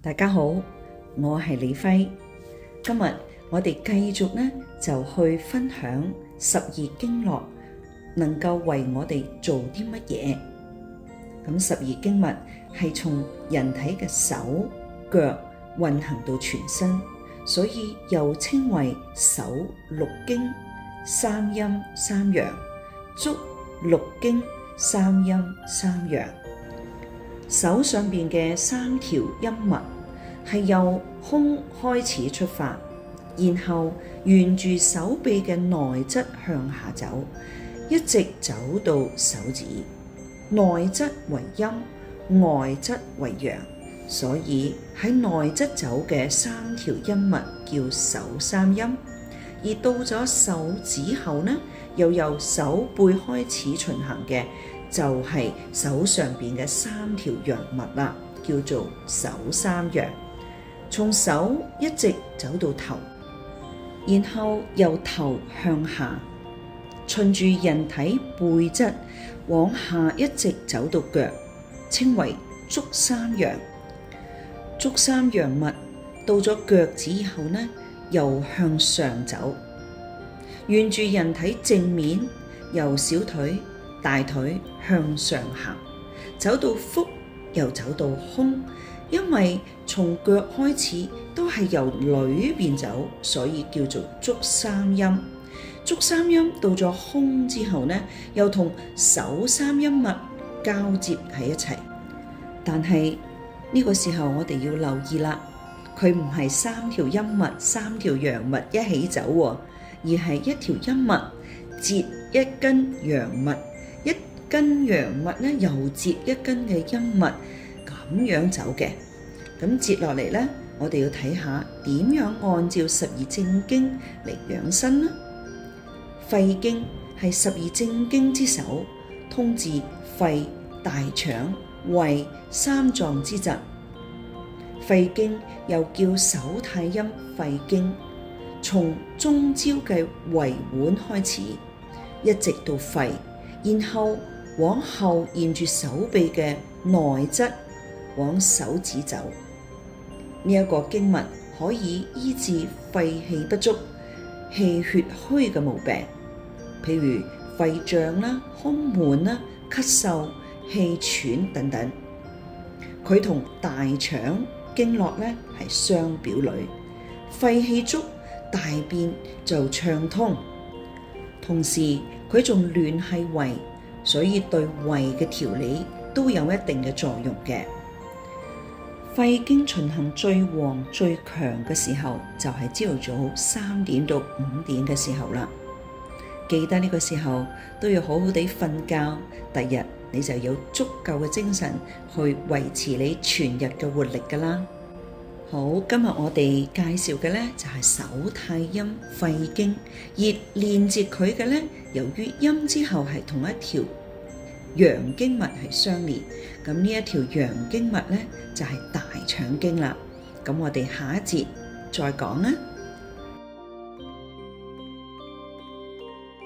大家好，我係李輝，今日我哋繼續呢就去分享十二經絡能夠為我哋做啲乜嘢。咁十二經脈係從人體嘅手腳運行到全身，所以又稱為手六經三陰三陽、足六經三陰三陽。手上邊嘅三條陰脈係由胸開始出發，然後沿住手臂嘅內側向下走，一直走到手指。內側為陰，外側為陽，所以喺內側走嘅三條陰脈叫手三陰，而到咗手指後呢，又由手背開始循行嘅。就係手上邊嘅三條陽脈啦，叫做手三陽。從手一直走到頭，然後由頭向下，循住人體背側往下一直走到腳，稱為足三陽。足三陽脈到咗腳趾以後呢，又向上走，沿住人體正面由小腿，大腿向上行，走到腹，又走到胸，因為從腳開始都係由裏邊走，所以叫做足三陰。足三陰到咗胸之後呢，又同手三陰脈交接喺一齊。但係呢個時候我哋要留意啦，佢唔係三條陰脈、三條陽脈一起走，而係一條陰脈接一根陽脈。一根陽物咧，又接一根嘅陰物，咁樣走嘅。咁接落嚟咧，我哋要睇下點樣按照十二正經嚟養身啦。肺經係十二正經之首，通治肺、大腸、胃三臟之疾。肺經又叫手太陰肺經，從中焦嘅胃脘開始，一直到肺。然後往後沿住手臂嘅內側往手指走，呢、這、一個經脈可以醫治肺氣不足、氣血虛嘅毛病，譬如肺脹啦、胸悶啦、咳嗽、氣喘等等。佢同大腸經絡咧係相表裏，肺氣足，大便就暢通。同時佢仲聯繫胃，所以對胃嘅調理都有一定嘅作用嘅。肺經循行最旺最強嘅時候就係朝早三點到五點嘅時候啦。記得呢個時候都要好好地瞓覺，第日你就有足夠嘅精神去維持你全日嘅活力㗎啦。好，今日我哋介紹嘅呢就係、是、手太陰肺經，而連接佢嘅呢，由於陰之後係同一條陽經脈係相連，咁呢一條陽經脈呢就係、是、大腸經啦。咁我哋下一節再講啊。